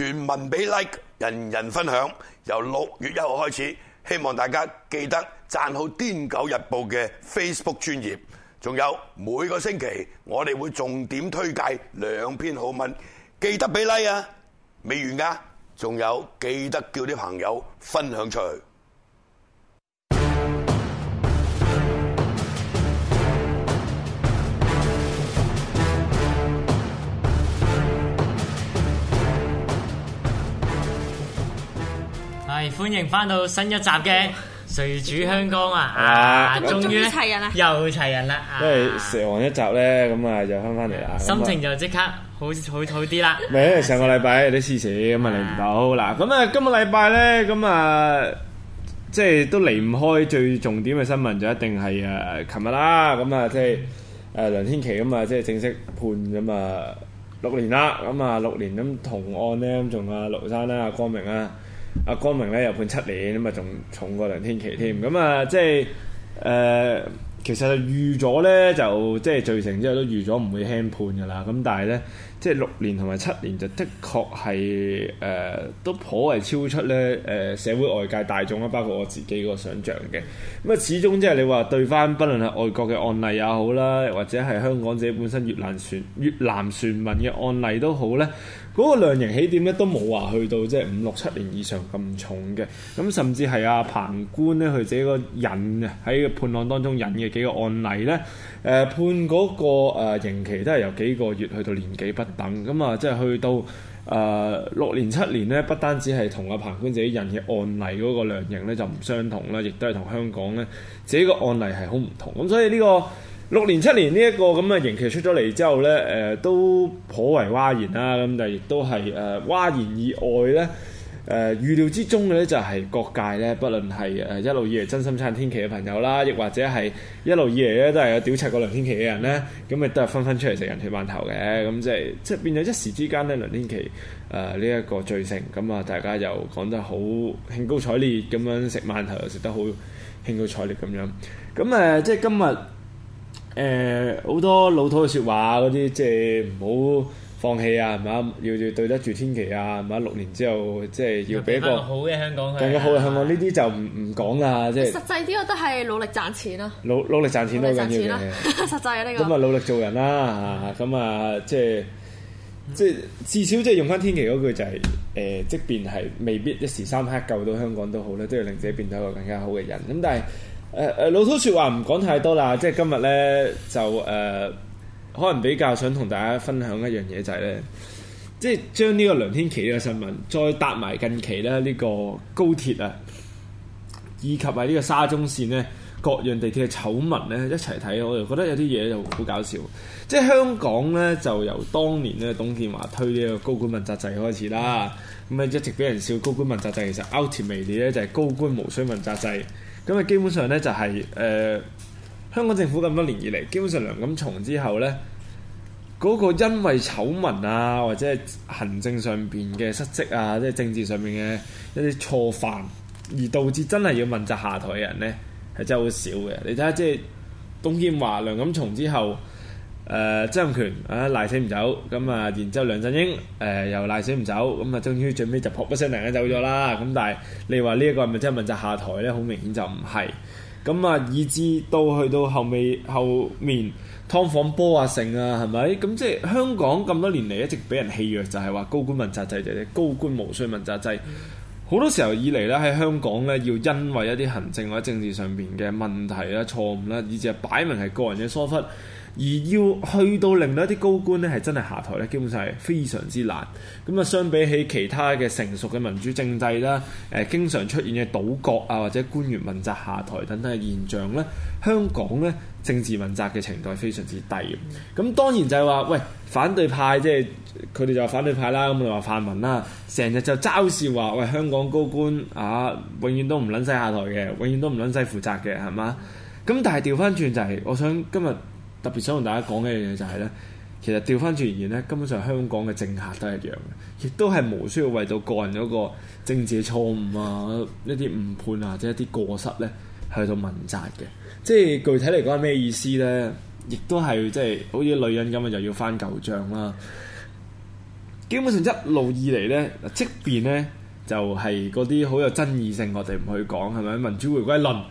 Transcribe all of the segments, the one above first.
全文俾 like，人人分享。由六月一號開始，希望大家記得讚好《癲狗日報》嘅 Facebook 專頁。仲有每個星期，我哋會重點推介兩篇好文，記得俾 like 啊！未完㗎，仲有記得叫啲朋友分享出去。係歡迎翻到新一集嘅《誰主香江》啊！啊，終於咧又齊人啦，因為蛇王一集咧，咁啊就翻翻嚟啦，心情就即刻好好好啲啦。咪上個禮拜有啲私事咁啊嚟唔到嗱，咁啊今個禮拜咧咁啊，即係都離唔開最重點嘅新聞，就一定係誒，琴日啦，咁啊即係誒梁天琦咁啊，即係正式判咁啊六年啦，咁啊六年咁同案咧，咁仲阿盧山啦、阿郭明啊。阿光明咧又判七年，咁啊仲重過梁天琦添，咁、嗯、啊即係誒、呃，其實預咗咧就即係罪成之後都預咗唔會輕判噶啦，咁但係咧即係六年同埋七年就的確係誒都頗為超出咧誒、呃、社會外界大眾啊，包括我自己個想象嘅，咁啊始終即係你話對翻，不論係外國嘅案例也好啦，或者係香港自己本身越南船越南船民嘅案例都好咧。嗰個量刑起點咧都冇話去到即係五六七年以上咁重嘅，咁甚至係阿彭官咧佢自己引啊喺個判案當中引嘅幾個案例咧，誒、呃、判嗰、那個、呃、刑期都係由幾個月去到年幾不等，咁啊即係去到誒、呃、六年七年咧，不單止係同阿彭官自己人嘅案例嗰個量刑咧就唔相同啦，亦都係同香港咧自己個案例係好唔同，咁所以呢、這個。六年七年呢一個咁嘅刑期出咗嚟之後呢，誒、呃、都頗為嘩然啦。咁但係亦都係誒嘩然以外呢，誒、呃、預料之中嘅呢就係、是、各界呢，不論係誒一路以嚟真心撐天琪嘅朋友啦，亦或者係一路以嚟咧都係有屌查過梁天琪嘅人呢，咁咪都係紛紛出嚟食人血饅頭嘅。咁即係即係變咗一時之間呢，梁天琪誒呢一個罪成咁啊，大家又講得好興高采烈咁樣食饅頭，又食得好興高采烈咁樣。咁誒即係今日。誒好、呃、多老土嘅説話嗰啲，即係唔好放棄啊，係嘛？要要對得住天琪啊，係嘛？六年之後，即係要俾一,一個好嘅香港，更加好嘅香港。呢啲就唔唔講啦，即係實際啲我都係努力賺錢啦，努努力賺錢都緊要嘅。錢了 實際呢個咁啊，努力做人啦，嚇咁啊，即係即係至少即係用翻天琪嗰句就係、是、誒、呃，即便係未必一時三刻救到香港都好咧，都要令自己變到一個更加好嘅人。咁但係。誒誒、呃，老土說話唔講太多啦，即係今日呢，就誒、呃，可能比較想同大家分享一樣嘢就係、是、呢，即係將呢個梁天琦嘅新聞再搭埋近期呢，呢個高鐵啊，以及係呢個沙中線呢各樣地鐵嘅醜聞呢一齊睇，我就覺得有啲嘢就好搞笑。即係香港呢就由當年呢董建華推呢個高官問責制開始啦，咁啊一直俾人笑高官問責制，其實 outdated 呢就係高官無須問責制。因為基本上咧就係、是、誒、呃、香港政府咁多年以嚟，基本上梁錦松之後咧，嗰、那個因為醜聞啊，或者行政上邊嘅失職啊，即係政治上面嘅一啲錯犯，而導致真係要問責下台嘅人咧，係真係好少嘅。你睇下即係董建華、梁錦松之後。誒曾蔭權啊賴死唔走，咁啊，然之後梁振英誒、呃、又賴死唔走，咁啊，終於最尾就噗一聲突然間走咗啦。咁、啊、但係你話呢一個係咪真係問責下台呢？好明顯就唔係。咁啊，以至到去到後尾後面劏房波啊成啊，係咪？咁、啊、即係香港咁多年嚟一直俾人欺弱，就係、是、話高官問責制啫，就是、高官無需問責制。好、嗯、多時候以嚟呢，喺香港呢，要因為一啲行政或者政治上邊嘅問題啦、錯誤啦，以至係擺明係個人嘅疏忽。而要去到令到一啲高官咧係真係下台咧，基本上係非常之難。咁啊，相比起其他嘅成熟嘅民主政制啦，誒、呃，經常出現嘅倒閣啊或者官員問責下台等等嘅現象咧，香港咧政治問責嘅程度係非常之低。咁、嗯、當然就係話，喂，反對派即係佢哋就，是、就反對派啦，咁就話泛民啦，成日就嘲笑話，喂，香港高官啊，永遠都唔撚使下台嘅，永遠都唔撚使負責嘅，係嘛？咁但係調翻轉就係、是、我想今日。特別想同大家講嘅一樣嘢就係、是、呢。其實調翻轉而言，呢根本上香港嘅政客都係一樣嘅，亦都係無需要為到個人嗰個政治嘅錯誤啊、一啲誤判啊，或者一啲過失呢去到問責嘅。即係具體嚟講係咩意思呢？亦都係即係好似女人咁啊，又要翻舊帳啦、啊。基本上一路以嚟呢，即便呢就係嗰啲好有爭議性，我哋唔去講係咪民主回歸論？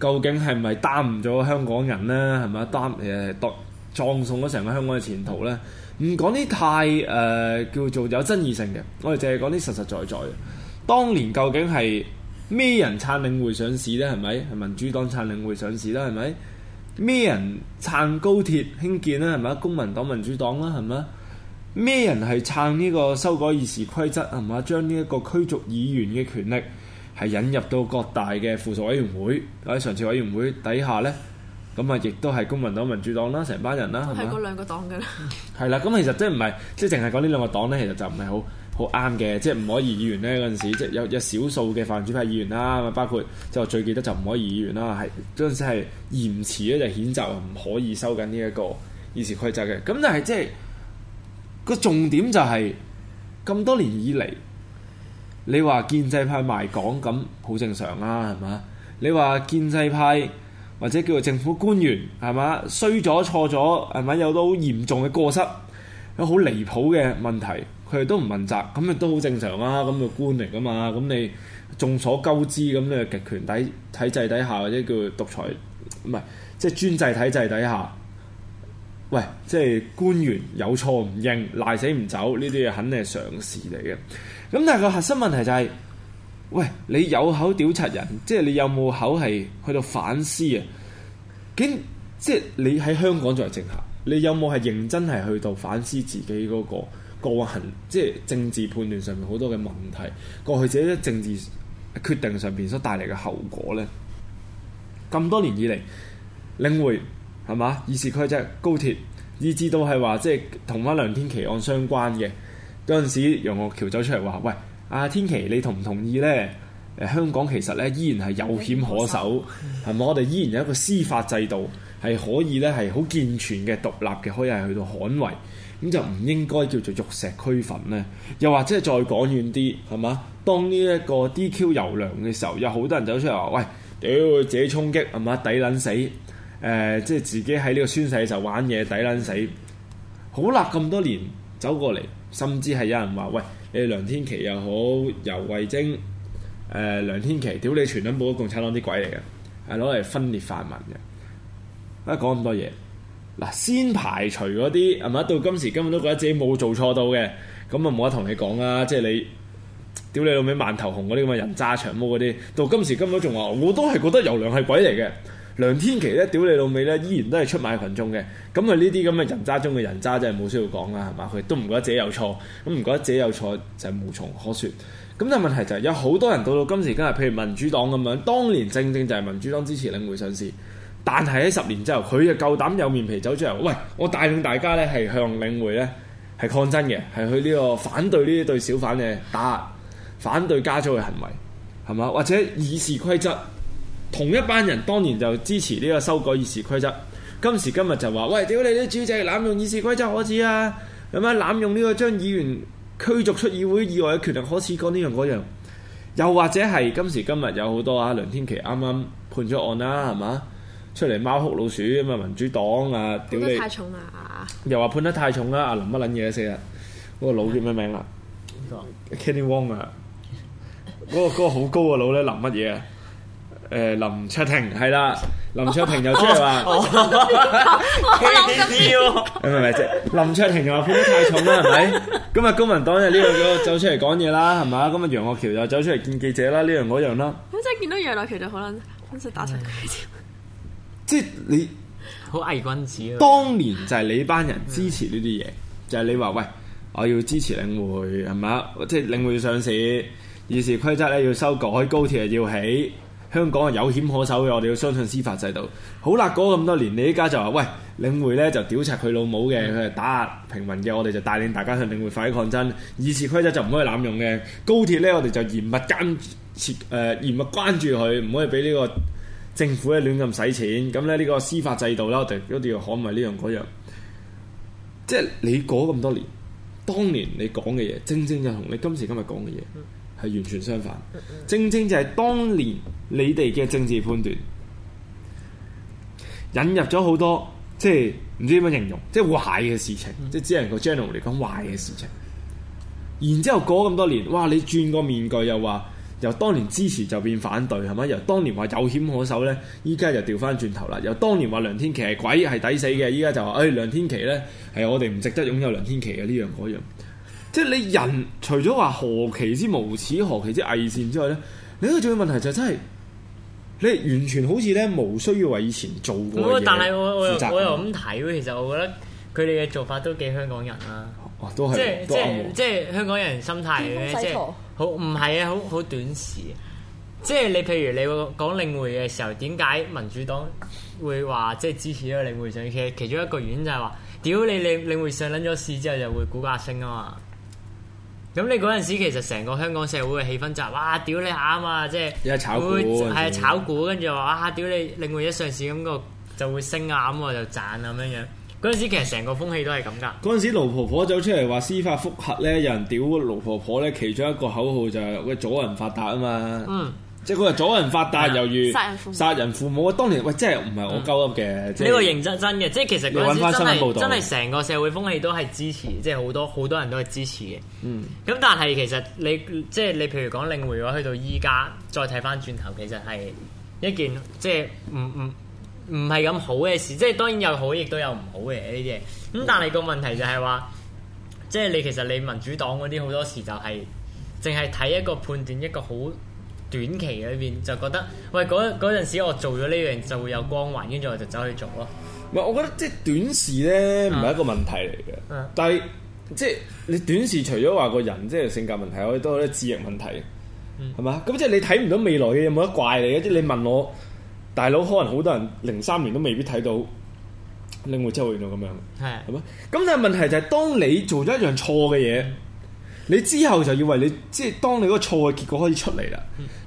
究竟係咪耽誤咗香港人呢？係咪啊？耽誒，當葬送咗成個香港嘅前途呢？唔講啲太誒、呃，叫做有爭議性嘅，我哋淨係講啲實實在在嘅。當年究竟係咩人撐領會上市呢？係咪？係民主黨撐領會上市啦？係咪？咩人撐高鐵興建啦？係咪？公民黨、民主黨啦，係咪？咩人係撐呢個修改議事規則啊？係咪？將呢一個驅逐議員嘅權力。係引入到各大嘅附屬委員會或者常設委員會底下呢，咁啊，亦都係公民黨、民主黨啦，成班人啦，係咪吧？係嗰兩個黨㗎啦。係啦，咁其實即係唔係即係淨係講呢兩個黨呢，其實就唔係好好啱嘅，即係唔可以議員呢，嗰陣時，即係有有少數嘅泛民主派議員啦，包括就最記得就唔可以議員啦，係嗰陣時係嚴辭咧就譴、是、責唔可以收緊呢一個議事規則嘅。咁但係即係個重點就係、是、咁多年以嚟。你話建制派賣港咁好正常啦、啊，係嘛？你話建制派或者叫做政府官員係嘛，衰咗，錯咗，係咪有到嚴重嘅過失？有好離譜嘅問題，佢哋都唔問責，咁咪都好正常啦、啊。咁嘅官嚟噶嘛？咁你眾所周知，咁嘅極權底體制底下，或者叫獨裁唔係即係專制體制底下。喂，即係官員有錯唔認，賴死唔走，呢啲嘢肯定係常事嚟嘅。咁但係個核心問題就係、是，喂，你有口屌柒人，即係你有冇口係去到反思啊？咁即係你喺香港作為政客，你有冇係認真係去到反思自己嗰個過行，即係政治判斷上面好多嘅問題，過去自己政治決定上邊所帶嚟嘅後果呢？咁多年以嚟，領會。係嘛？議事規則即係高鐵，以至到係話即係同翻梁天琦案相關嘅嗰陣時，楊岳橋走出嚟話：，喂，阿、啊、天琦，你同唔同意呢？誒、呃，香港其實呢，依然係有險可守，係咪、嗯？我哋依然有一個司法制度係可以呢，係好健全嘅、獨立嘅，可以係去到捍衞，咁就唔應該叫做玉石俱焚呢，又或者係再講遠啲，係嘛？當呢一個 DQ 游梁嘅時候，有好多人走出嚟話：，喂，屌自己衝擊，係嘛？抵撚死，死！誒、呃，即係自己喺呢個宣誓就玩嘢，抵捻死！好喇，咁多年走過嚟，甚至係有人話：喂，你梁天琦又好，游蕙禎，誒、呃，梁天琦屌你全捻部共產黨啲鬼嚟嘅，係攞嚟分裂泛民嘅。啊，講咁多嘢，嗱，先排除嗰啲係咪？到今時今日都覺得自己冇做錯到嘅，咁啊冇得同你講啊！即係你，屌你老味，萬頭紅嗰啲咁嘅人渣長毛嗰啲，到今時今日仲話，我都係覺得游梁係鬼嚟嘅。梁天琦咧，屌你老味咧，依然都係出賣群眾嘅。咁啊呢啲咁嘅人渣中嘅人渣真係冇需要講啦，係嘛？佢都唔覺得自己有錯，咁唔覺得自己有錯就無從可說。咁但係問題就係、是、有好多人到到今時今日，譬如民主黨咁樣，當年正正就係民主黨支持領匯上市，但係喺十年之後，佢就夠膽有面皮走出嚟，喂，我帶領大家咧係向領匯咧係抗爭嘅，係去呢個反對呢一對小販嘅打壓，反對加租嘅行為，係嘛？或者以示規則，同一班人當然就支持呢個修改議事規則，今時今日就話：喂，屌你啲主席濫用議事規則可恥啊！咁樣濫用呢個將議員驅逐出議會以外嘅權力可恥，講呢樣嗰樣。又或者係今時今日有好多啊，梁天琦啱啱判咗案啦、啊，係嘛？出嚟貓哭老鼠咁啊！民主黨啊，屌你！太重啦、啊！又話判得太重啦！啊，諗乜撚嘢死啊？嗰個佬叫咩名啊 Kenny Wong 啊！嗰、嗰個、嗰個好高嘅佬咧，諗乜嘢啊？誒，林卓廷係啦，林卓廷又出嚟話，你諗咁你明咪先？ 林卓廷又負擔太重啦，係咪？今日公民黨就呢個走出嚟講嘢啦，係嘛？今日楊岳橋又走出嚟見記者啦，呢樣嗰樣啦。咁 即係見到楊岳橋就可能分析打錯嘅。即係 你好偽君子。當年就係你班人支持呢啲嘢， 就係你話喂，我要支持領匯，係嘛？即係領匯要上市，議事規則咧要修改，高鐵又要起。香港係有險可守嘅，我哋要相信司法制度。好啦，過咁多年，你依家就話喂，領匯呢就屌拆佢老母嘅，佢係打壓平民嘅，我哋就帶領大家向領匯發起抗爭。議事規則就唔可以濫用嘅。高鐵呢，我哋就嚴密監視誒，嚴、呃、嚴密關注佢，唔可以俾呢個政府嘅亂咁使錢。咁咧呢、呢個司法制度啦，我哋一定要捍衛呢樣嗰樣。即係、就是、你過咁多年，當年你講嘅嘢，正正就同你今時今日講嘅嘢。嗯係完全相反，正正就係當年你哋嘅政治判斷引入咗好多，即係唔知點樣形容，即係壞嘅事情，mm hmm. 即係只能夠 general 嚟講壞嘅事情。然之後過咁多年，哇！你轉個面具又話，由當年支持就變反對，係咪？由當年話有險可守呢，依家就掉翻轉頭啦。由當年話梁天琦係鬼係抵死嘅，依家就話誒、哎、梁天琦呢，係我哋唔值得擁有梁天琦嘅呢樣嗰樣。即係你人除咗話何其之無恥，何其之偽善之外咧，另一個重要問題就真係你完全好似咧，無需要為以前做過，但係我我我又咁睇。其實我覺得佢哋嘅做法都幾香港人啦、啊。都係，即係即係香港人心態嘅，即係好唔係啊！好好短視。即係你譬如你講領匯嘅時候，點解民主黨會話即係支持咗個領匯上市？其實其中一個原因就係話屌你領，領匯上捻咗市之後就會股價升啊嘛。咁你嗰陣時其實成個香港社會嘅氣氛就係、哇屌你啱啊即係，會係炒股跟住話啊，屌你，另外一上市咁、咁個就會升啊，咁啊就賺啊咁樣樣。嗰陣時其實成個風氣都係咁噶。嗰陣時盧婆婆走出嚟話司法復核咧，有人屌個盧婆婆咧，其中一個口號就係阻人發達啊嘛。嗯即係佢話阻人發達又如殺人父母，當年喂真係、嗯、即係唔係我鳩噏嘅。呢個認真真嘅，即係其實嗰陣時真係真係成個社會風氣都係支持，即係好多好多人都係支持嘅。嗯，咁但係其實你即係你譬如講領匯話去到依家再睇翻轉頭，其實係一件即係唔唔唔係咁好嘅事。即係當然有好，亦都有唔好嘅呢啲嘢。咁但係個問題就係話，即係你其實你民主黨嗰啲好多時就係淨係睇一個判斷一個好。短期裏邊就覺得，喂嗰嗰陣時我做咗呢樣就會有光環，跟住我就走去做咯。唔係，我覺得即係短視咧唔係一個問題嚟嘅。啊啊、但係即係你短視除咗話個人即係性格問題，我哋都多啲智認問題，係嘛、嗯？咁即係你睇唔到未來嘅，有冇得怪你？即係你問我，大佬可能好多人零三年都未必睇到《靈活週報》咁樣。係、嗯，係嘛？咁但係問題就係當你做咗一樣錯嘅嘢。嗯你之後就要為你，即係當你嗰個錯嘅結果開始出嚟啦，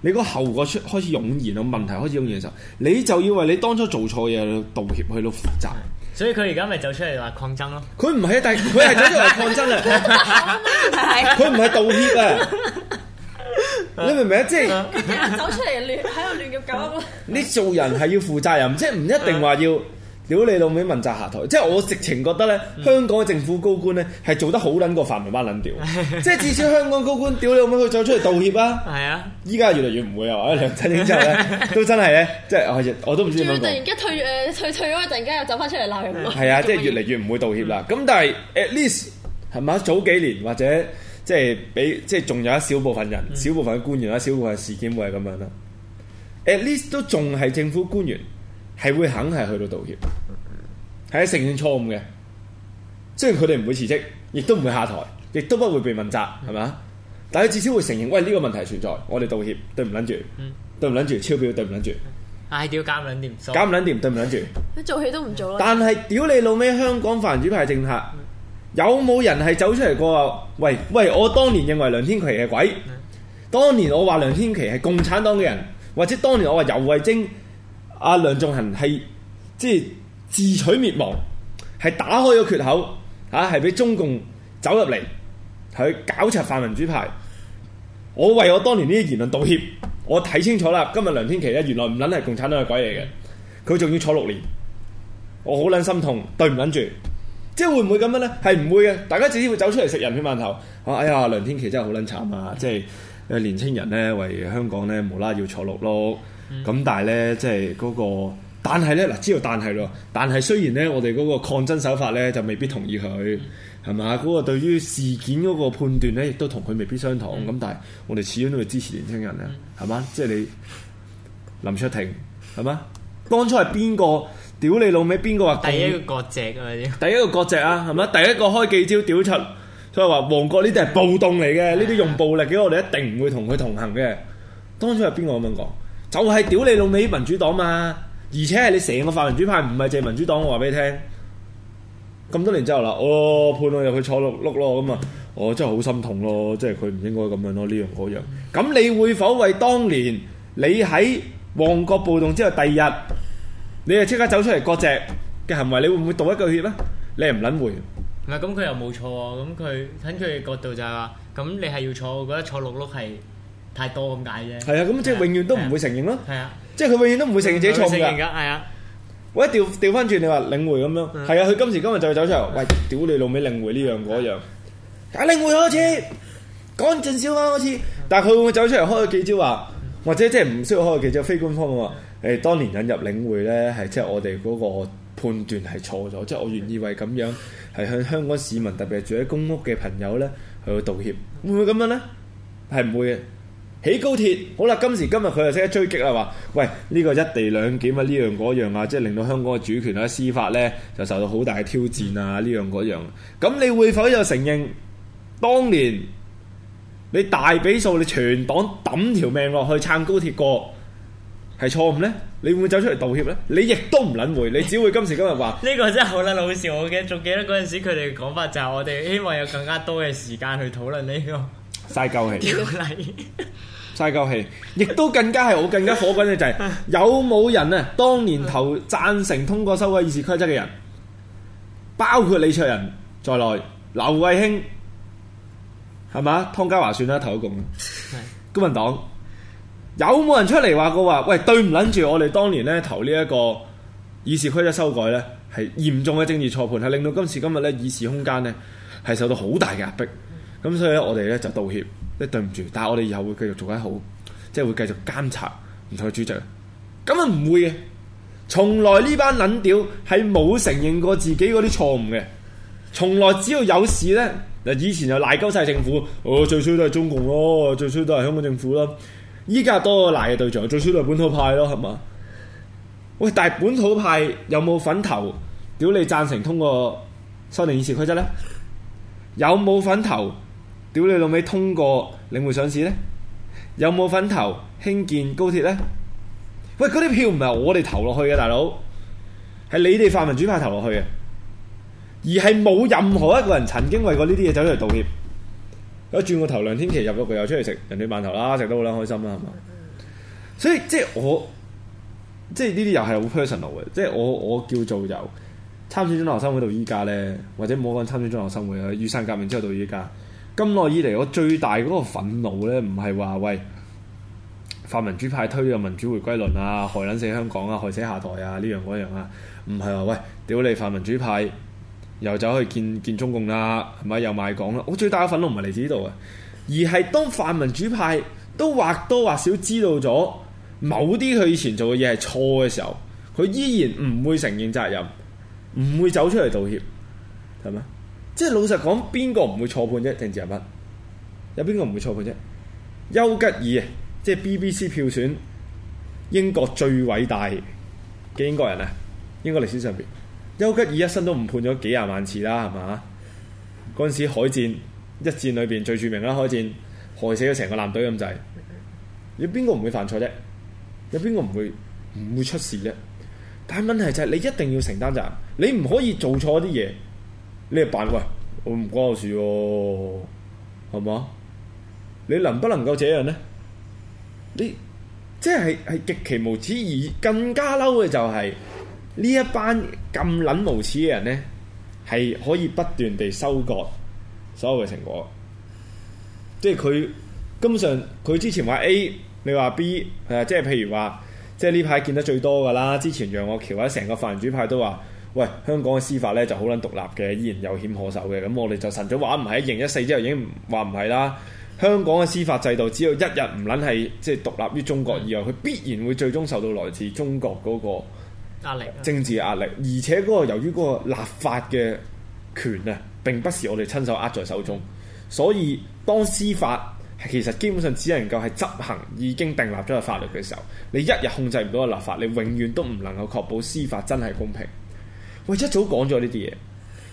你個後果出開始湧現咯，問題開始湧現嘅時候，你就要為你當初做錯嘢道，道歉，去到負責。所以佢而家咪走出嚟話抗爭咯。佢唔係，但佢係走出嚟抗爭啊！佢唔係道歉啊！ 你明唔明啊？即係走出嚟亂喺度亂咁搞。你 做人係要負責任，即係唔一定話要。 屌，你老味問責下台，即係我直情覺得咧，香港政府高官咧係做得好撚過泛民班撚屌， 即係至少香港高官屌你 老味，佢再出嚟道歉啊！係啊， 依家越嚟越唔會啊！梁振英之後咧都真係咧，即係我亦我都唔知點講。突然間退誒、呃、退退咗，突然間又走翻出嚟鬧人。係 啊，即係越嚟越唔會道歉啦。咁、嗯、但係 at least 係咪早幾年或者即係俾即係仲有一小部分人、嗯、小部分嘅官員、小部分事件會係咁樣啦？at least 都仲係政府官員。係會肯係去到道歉，係承認錯誤嘅，雖然佢哋唔會辭職，亦都唔會下台，亦都不會被問責，係咪、嗯？但係至少會承認，喂呢、這個問題存在，我哋道歉，對唔捻住，對唔捻住，超標對唔捻住，嗌屌，搞唔捻掂，搞唔捻掂，對唔捻住，你做起都唔做啦。啊、但係屌你老味香港泛民主派政客，嗯、有冇人係走出嚟過？喂喂，喂，我當年認為梁天琦係鬼，當年我話梁天琦係共產黨嘅人，或者當年我話游蕙禎。阿梁頌恆係即係自取滅亡，係打開咗缺口，吓係俾中共走入嚟，去搞拆泛民主派。我為我當年呢啲言論道歉。我睇清楚啦，今日梁天琦咧原來唔撚係共產黨嘅鬼嚟嘅，佢仲要坐六年。我好撚心痛，對唔撚住，即係會唔會咁樣呢？係唔會嘅，大家只會走出嚟食人血饅頭。啊，哎呀，梁天琦真係好撚慘啊！即係誒，年青人呢，為香港呢，無啦要坐六咯。咁、嗯、但係呢，即係嗰個，但係呢，嗱，知道但係咯，但係雖然呢，我哋嗰個抗爭手法呢，就未必同意佢，係嘛、嗯？嗰、嗰個對於事件嗰個判斷呢，亦都同佢未必相同。咁、嗯、但係，我哋始終都會支持年輕人啊，係嘛、嗯？即係你林卓廷係嘛？當初係邊個屌你老味？邊個話第一個國籍啊？第一個國籍啊？係咪？第一個開記招屌柒，所以話旺角呢啲係暴動嚟嘅，呢啲、嗯、用暴力嘅，我哋一定唔會同佢同行嘅。當初係邊個咁樣講？就係屌你老味民主黨嘛，而且係你成個泛民主派唔係借民主黨，我話俾你聽。咁多年之後啦，我判佢入去坐六碌咯，咁啊，我真係好心痛咯，即係佢唔應該咁樣咯，呢樣嗰樣。咁你會否為當年你喺旺角暴動之後第二日，你又即刻走出嚟割席嘅行為，你會唔會道一句歉咧？你唔撚會？唔係咁，佢又冇錯喎。咁佢睇佢嘅角度就係話，咁你係要坐，我覺得坐六碌係。太多咁解啫，係啊，咁即係永遠都唔會承認咯。係啊，即係佢永遠都唔會承認自己錯噶。承認噶，係啊。喂，調調翻轉，你話領會咁樣，係啊，佢今時今日就會走出嚟，喂，屌你老尾領會呢樣嗰樣，解領會開始，講盡笑話開始，但係佢會唔會走出嚟開幾招話，或者即係唔需要開幾招非官方話，誒，當年引入領會咧，係即係我哋嗰個判斷係錯咗，即係我願意為咁樣，係向香港市民，特別係住喺公屋嘅朋友咧，去道歉，會唔會咁樣咧？係唔會嘅。起高鐵好啦，今時今日佢就識得追擊啦，話喂呢個一地兩檢啊，呢樣嗰樣啊，即係令到香港嘅主權啊、司法呢，就受到好大嘅挑戰啊，呢、嗯、樣嗰樣。咁你會否又承認當年你大比數你全黨抌條命落去撐高鐵過係錯誤呢？你會唔會走出嚟道歉呢？你亦都唔捻回，你只會今時今日話呢個真係好啦，老是我記得，仲記得嗰陣時佢哋嘅講法就係我哋希望有更加多嘅時間去討論呢個。嘥鳩氣，嘥鳩氣，亦都更加係我更加火滾嘅就係、是， 有冇人啊？當年投贊成通過修改議事規則嘅人，包括李卓人在內，劉慧卿係嘛？湯家驊算啦，投咗共嘅。公民黨有冇人出嚟話過話？喂，對唔捻住我哋當年咧投呢一個議事規則修改咧，係嚴重嘅政治錯判，係令到今時今日咧議事空間咧係受到好大嘅壓迫。咁所以咧，我哋咧就道歉，即係對唔住。但係我哋以後會繼續做得好，即係會繼續監察唔同嘅主席。咁啊唔會嘅，從來呢班撚屌係冇承認過自己嗰啲錯誤嘅。從來只要有事呢，嗱以前就賴鳩晒政府，我、哦、最衰都係中共咯，最衰都係香港政府啦。依家多個賴嘅對象，最衰都係本土派咯，係嘛？喂，但係本土派有冇份投？屌你贊成通過修訂議事規則呢？有冇份投？屌你老味通過領匯上市呢？有冇份投？興建高鐵呢？喂，嗰啲票唔係我哋投落去嘅，大佬係你哋泛民主派投落去嘅，而係冇任何一個人曾經為過呢啲嘢走出嚟道歉。咁轉個頭，梁天琦入咗佢又出嚟食人哋饅頭啦，食得好啦開心啦，係嘛？所以即係我即係呢啲又係好 personal 嘅，即係我即即我，我叫做由參選中學生會到依家呢，或者冇講參選中學生會啊，雨傘革命之後到依家。咁耐以嚟，我最大嗰個憤怒呢，唔係話喂泛民主派推咗民主回歸論啊，害撚死香港啊，害死下台啊，呢樣嗰樣啊，唔係話喂，屌你泛民主派又走去見見中共啦，係咪又賣港啦？我最大嘅憤怒唔係嚟自呢度嘅，而係當泛民主派都或多或少知道咗某啲佢以前做嘅嘢係錯嘅時候，佢依然唔會承認責任，唔會走出嚟道歉，係咪？即係老實講，邊個唔會錯判啫？政治人物有邊個唔會錯判啫？丘吉爾啊，即係 BBC 票選英國最偉大嘅英國人啊，英國歷史上邊，丘吉爾一生都誤判咗幾廿萬次啦，係嘛？嗰陣時海戰一戰裏邊最著名啦，海戰害死咗成個艦隊咁滯。有邊個唔會犯錯啫？有邊個唔會唔會出事啫？但係問題就係你一定要承擔責任，你唔可以做錯啲嘢。你哋辦喂，我唔關我事喎、哦，係嘛？你能不能夠這樣呢？你即係係極其無恥，而更加嬲嘅就係、是、呢一班咁撚無恥嘅人呢，係可以不斷地收割所有嘅成果。即係佢根本上，佢之前話 A，你話 B，、啊、即係譬如話，即係呢排見得最多噶啦。之前楊岳橋或者成個泛民主派都話。喂，香港嘅司法呢就好捻獨立嘅，依然有險可守嘅。咁、嗯、我哋就晨早話唔係，刑一四之後已經話唔係啦。香港嘅司法制度，只要一日唔捻係即係獨立於中國以外，佢、嗯、必然會最終受到來自中國嗰個壓力、政治嘅壓力。壓力啊、而且嗰個由於嗰個立法嘅權啊，並不是我哋親手握在手中。所以當司法其實基本上只能夠係執行已經訂立咗嘅法律嘅時候，你一日控制唔到個立法，你永遠都唔能夠確保司法真係公平。我一早講咗呢啲嘢，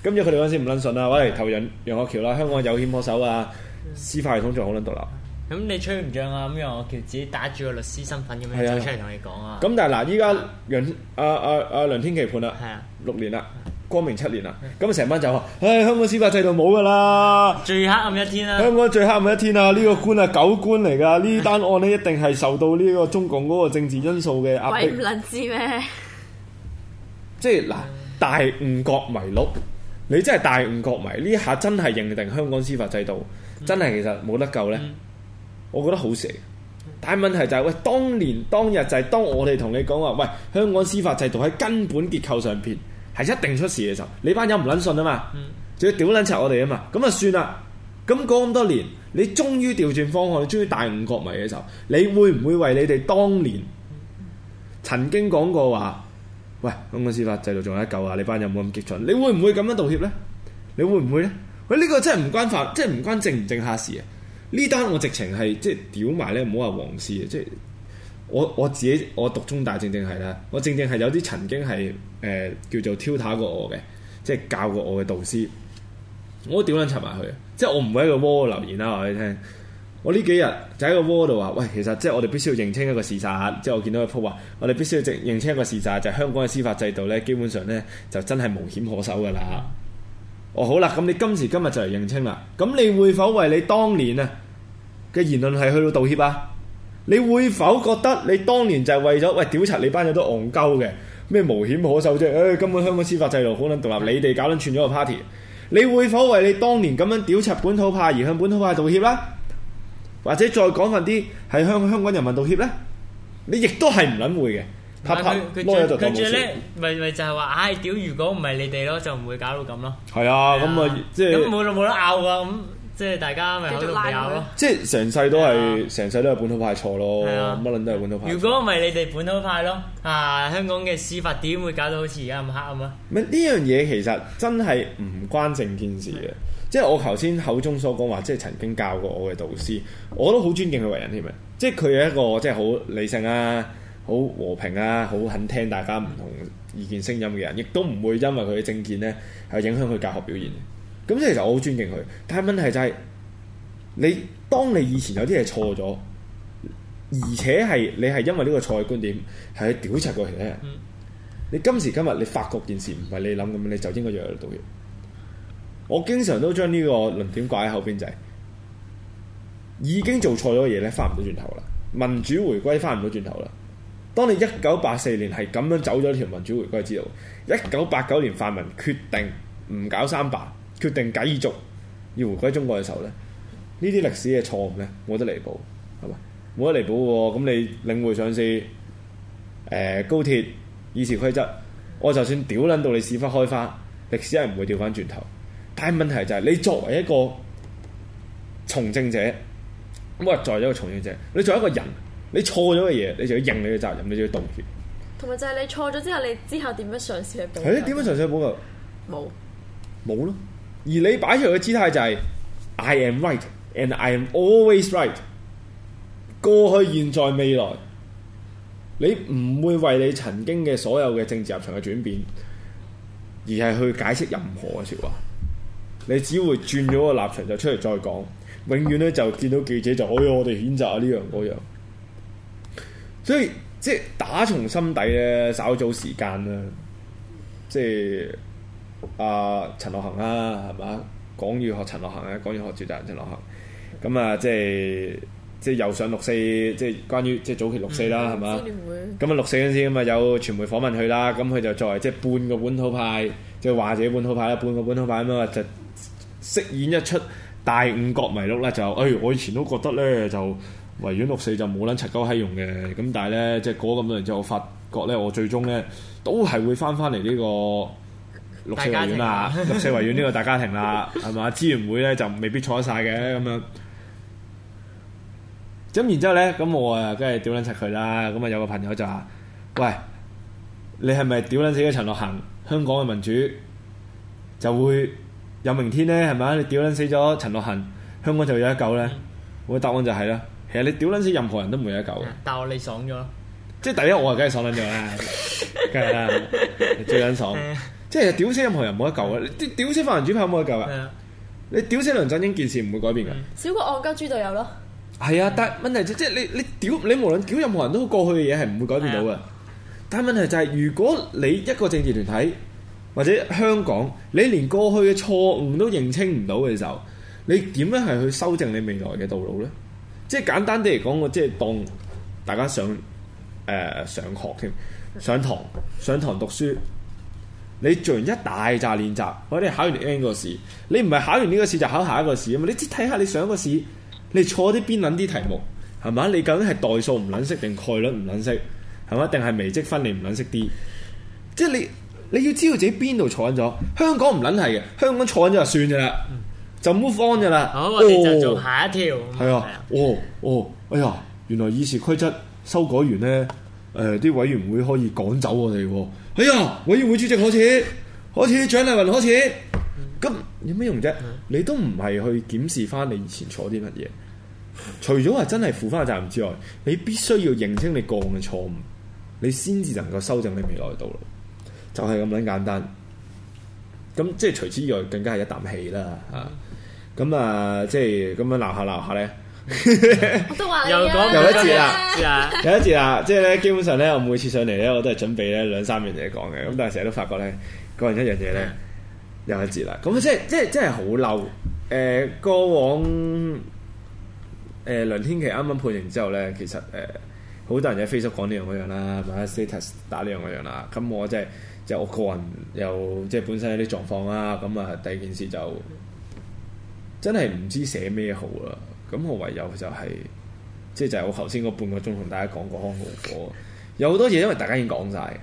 今日佢哋嗰陣時唔撚信啦。喂，投人楊，楊岳橋啦，香港有險可守啊，司法系統仲好撚獨立。咁你吹唔漲啊？咁楊岳橋自己打住個律師身份咁樣是、啊、出嚟同你講啊。咁但係嗱，依家楊阿阿阿梁天琦判啦，六年啦，光明七年啦。咁成班就話：唉，香港司法制度冇噶啦，最黑暗一天啦、啊，香港最黑暗一天啊！呢個官啊，狗官嚟㗎，呢單案咧一定係受到呢個中共嗰個政治因素嘅壓迫。唔撚知咩？即係嗱。大誤國迷囉，你真係大誤國迷，呢下真係認定香港司法制度，嗯、真係其實冇得救呢。嗯、我覺得好邪，但係問題就係、是、喂，當年當日就係、是、當我哋同你講話喂，香港司法制度喺根本結構上邊係一定出事嘅時候，你班友唔捻信啊嘛，仲、嗯、要屌捻柒我哋啊嘛，咁啊算啦。咁過咁多年，你終於調轉方向，終於大誤國迷嘅時候，你會唔會為你哋當年曾經講過話？喂，香港司法制度仲有一嚿啊！你班有冇咁激進？你會唔會咁樣道歉咧？你會唔會咧？喂，呢、這個真係唔關法，真係唔關正唔正下事啊！呢單我直情係即係屌埋咧，唔好話黃絲啊！即係我我自己，我讀中大正正係啦，我正正係有啲曾經係誒、呃、叫做挑戰過我嘅，即係教過我嘅導師，我屌捻插埋佢，即係我唔會喺度窩個窩留言啦、啊，我話你聽。我呢幾日就喺個窩度話，喂，其實即係我哋必須要認清一個事實，即係我見到一幅話，我哋必須要正認清一個事實，就係、是、香港嘅司法制度呢，基本上呢就真係無險可守噶啦。哦，好啦，咁你今時今日就嚟認清啦，咁你會否為你當年啊嘅言論係去到道歉啊？你會否覺得你當年就係為咗喂屌查你班友都戇鳩嘅咩無險可守啫？誒、哎，根本香港司法制度好捻獨立，你哋搞捻串咗個 party，你會否為你當年咁樣屌查本土派而向本土派道歉啦、啊？或者再講返啲係香香港人民道歉咧，你亦都係唔撚會嘅，拍拍攞咗就冇事。跟住咧，咪咪就係話，唉屌！如果唔係你哋咯，就唔會搞到咁咯。係啊，咁啊，即係咁冇冇得拗啊。咁即係大家咪喺拗咯。即係成世都係成世都係本土派錯咯，乜撚都係本土派。如果唔係你哋本土派咯，啊香港嘅司法點會搞到好似而家咁黑暗啊？咩呢樣嘢其實真係唔關正件事嘅。即係我頭先口中所講話，即係曾經教過我嘅導師，我都好尊敬佢為人添啊！即係佢係一個即係好理性啊、好和平啊、好肯聽大家唔同意見聲音嘅人，亦都唔會因為佢嘅政見呢係影響佢教學表現。咁即係其實我好尊敬佢。但係問題是就係、是，你當你以前有啲嘢錯咗，而且係你係因為呢個錯嘅觀點係去調查過其他人，嗯、你今時今日你發覺件事唔係你諗咁，你就應該要道歉。我經常都將呢個論點掛喺口邊，就係、是、已經做錯咗嘅嘢呢翻唔到轉頭啦。民主回歸翻唔到轉頭啦。當你一九八四年係咁樣走咗條民主回歸之路，一九八九年泛民決定唔搞三罷，決定繼續要回歸中國嘅時候咧，呢啲歷史嘅錯誤呢，冇得彌補，係嘛？冇得彌補喎。咁你領會上市、呃、高鐵議事規則，我就算屌撚到你屎忽開花，歷史係唔會掉翻轉頭。但係問題就係，你作為一個從政者，咁我作為一個從政者，你作為一個人，你錯咗嘅嘢，你就要認你嘅責任，你就要道歉。同埋就係你錯咗之後，你之後點樣嘗試去補救？係咧？點樣嘗試補救啊？冇有，冇咯。而你擺出嚟嘅姿態就係、是、I am right and I am always right。過去、現在、未來，你唔會為你曾經嘅所有嘅政治立場嘅轉變，而係去解釋任何嘅說話。你只會轉咗個立場就出嚟再講，永遠咧就見到記者就，可、哎、以。我哋譴責呢、啊、樣嗰樣，所以即係打從心底咧，稍早時間呢啊，即係阿陳樂行啊，係嘛，講要學陳樂行啊，講要學召集人陳樂行。咁啊即係。即係又上六四，即係關於即係早期六四啦，係嘛、嗯？咁啊吧六四嗰陣咁啊有傳媒訪問佢啦，咁佢就作為即係半個本土派，就話自己本土派啦，半個本土派咁啊就飾演一出大五國迷鹿啦，就誒、欸、我以前都覺得咧就維園六四就冇撚柒鳩閪用嘅，咁但係咧即係過咁多年之後，就是、我發覺咧我最終咧都係會翻翻嚟呢個六四維園啦，啊、六四維園呢個大家庭啦，係嘛？ 資源會咧就未必坐得晒嘅咁樣。咁然之後咧，咁我誒梗係屌撚柒佢啦。咁啊有個朋友就話，喂，你係咪屌撚死咗陳樂恆？香港嘅民主就會有明天咧，係嘛？你屌撚死咗陳樂恆，香港就有一嚿咧。我嘅答案就係啦，其實你屌撚死任何人都唔會有一嚿，但我你爽咗，即係第一我啊梗係爽撚咗啦，梗係啦，最撚爽。即係屌死任何人都冇一嚿，你屌死泛民主派冇得救嘅。你屌死梁振英件事唔會改變嘅。少個戇鳩豬就有咯。係啊，但係問題就即係你你屌你，你無論屌任何人都過去嘅嘢係唔會改變到嘅。的但係問題就係如果你一個政治團體或者香港，你連過去嘅錯誤都認清唔到嘅時候，你點樣係去修正你未來嘅道路呢？即係簡單啲嚟講，我即係當大家上誒上學添，上堂上堂讀書，你做完一大紮練習，或者你考完呢個試，你唔係考完呢個試就考下一個試啊嘛？你睇下你上一個試。你錯啲邊撚啲題目係嘛？你究竟係代數唔撚識定概率唔撚識係嘛？定係微積分你唔撚識啲？即係你你要知道自己邊度錯咗。香港唔撚係嘅，香港錯咗就算噶啦，就唔好慌噶啦。好，我哋就做下一條。係、哦、啊，啊哦哦，哎呀，原來議事規則修改完呢，誒、呃，啲委員會可以趕走我哋。哎呀，委員會主席開始，開始，蔣麗雲開始。咁有咩用啫？你都唔係去檢視翻你以前錯啲乜嘢，除咗話真係負翻個責任之外，你必須要認清你過往嘅錯誤，你先至能夠修正你未來嘅道路，就係、是、咁簡單。咁即係除此以外，更加係一啖氣啦吓。咁、嗯、啊，即係咁樣鬧下鬧下咧，又講又一次啦，啊試，又一次啦。即係咧，基本上咧，我每次上嚟咧，我都係準備咧兩三樣嘢講嘅，咁但係成日都發覺咧，講完一樣嘢咧。嗯有一節啦，咁即係即係真係好嬲。誒、呃，過往誒、呃、梁天琦啱啱判刑之後咧，其實誒好、呃、多人喺 Facebook 講呢樣嗰 樣啦，或者 status 打呢樣嗰樣啦。咁我即係即係我個人又即係本身有啲狀況啦。咁啊第二件事就真係唔知寫咩好啦。咁我唯有就係即係就係、是、我頭先嗰半個鐘同大家講過康豪火，有好多嘢因為大家已經講晒。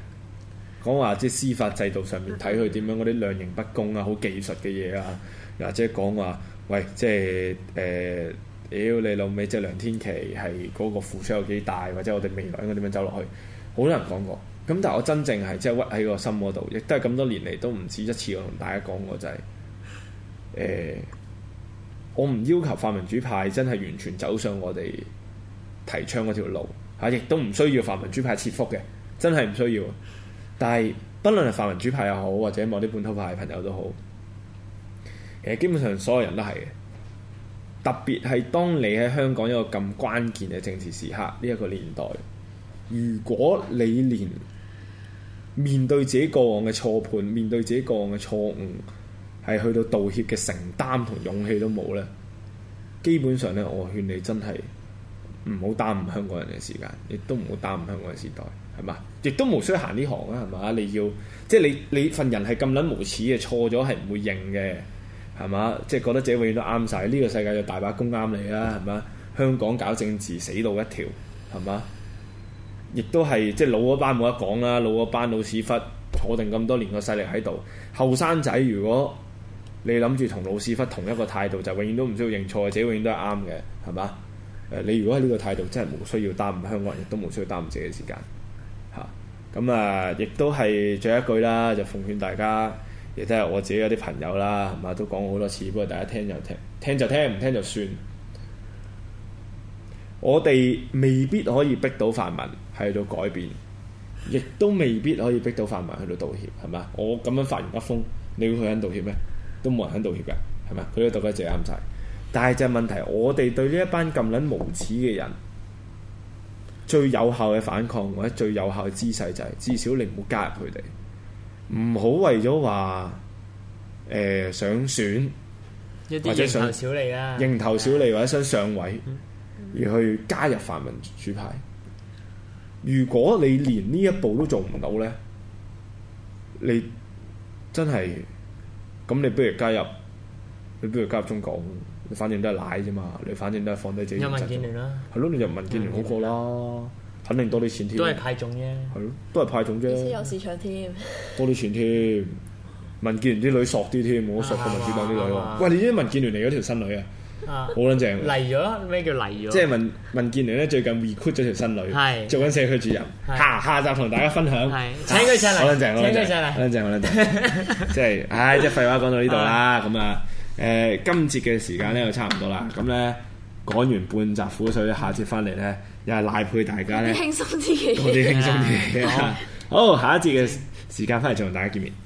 講話即係司法制度上面睇佢點樣嗰啲量刑不公啊，好技術嘅嘢啊，或者講話，喂，即係誒，屌、呃哎、你老味，即係梁天琦係嗰個付出有幾大，或者我哋未來應該點樣走落去，好多人講過。咁但係我真正係即係屈喺個心嗰度，亦都係咁多年嚟都唔止一次我同大家講過、就是，就係誒，我唔要求泛民主派真係完全走上我哋提倡嗰條路嚇，亦、啊、都唔需要泛民主派切腹嘅，真係唔需要。但係，不論係泛民主派又好，或者某啲本土派嘅朋友都好，其實基本上所有人都係。特別係當你喺香港有一個咁關鍵嘅政治時刻，呢一個年代，如果你連面對自己過往嘅錯判，面對自己過往嘅錯誤，係去到道歉嘅承擔同勇氣都冇呢。基本上呢，我勸你真係唔好耽誤香港人嘅時間，亦都唔好耽誤香港嘅時代。係嘛，亦都無需行呢行啊，係嘛，你要即係你你份人係咁撚無恥嘅，錯咗係唔會認嘅，係嘛，即係覺得自己永遠都啱晒，呢個世界有大把公啱你啦，係嘛，香港搞政治死路一條，係嘛，亦都係即係老一班冇得講啦，老一班老屎忽坐定咁多年個勢力喺度，後生仔如果你諗住同老屎忽同一個態度，就永遠都唔需要認錯，自己永遠都係啱嘅，係嘛？你如果係呢個態度，真係無需要耽誤香港人，亦都無需要耽誤自己嘅時間。咁啊，亦都係最後一句啦，就奉勸大家，亦都係我自己有啲朋友啦，係嘛都講過好多次，不過大家聽就聽，聽就聽，唔聽就算。我哋未必可以逼到泛民喺度改變，亦都未必可以逼到泛民去到道歉，係嘛？我咁樣發完一封，你會佢肯道歉咩？都冇人肯道歉嘅，係嘛？佢都道家姐啱晒。但係就問題，我哋對呢一班咁撚無恥嘅人。最有效嘅反抗或者最有效嘅姿勢就係，至少你唔好加入佢哋，唔好為咗話誒想選、啊、或者想蠅頭小利啦，蠅頭小利或者想上位而去加入泛民主派。如果你連呢一步都做唔到呢，你真係咁你不如加入，你不如加入中港。你反正都係奶啫嘛，你反正都係放低自己。民建聯啦。係咯，你就民建聯好過啦，肯定多啲錢添。都係派種啫。係咯，都係派種啫。而且有市場添。多啲錢添。民建聯啲女索啲添，冇索過民主黨啲女。喂，你知唔知民建聯嚟咗條新女啊？好撚正嚟咗，咩叫嚟咗？即係民民建聯咧，最近 recruit 咗條新女，係做緊社區主任。下下集同大家分享，請佢上嚟。好撚正，好撚正，好撚正，好撚正。即係，唉，即係廢話講到呢度啦，咁啊。誒、呃、今節嘅時間咧就差唔多啦，咁咧講完半集苦水，下節翻嚟咧又係賴珮大家咧，啲輕鬆啲嘅，啲輕鬆啲嘅 好，下一節嘅時間翻嚟再同大家見面。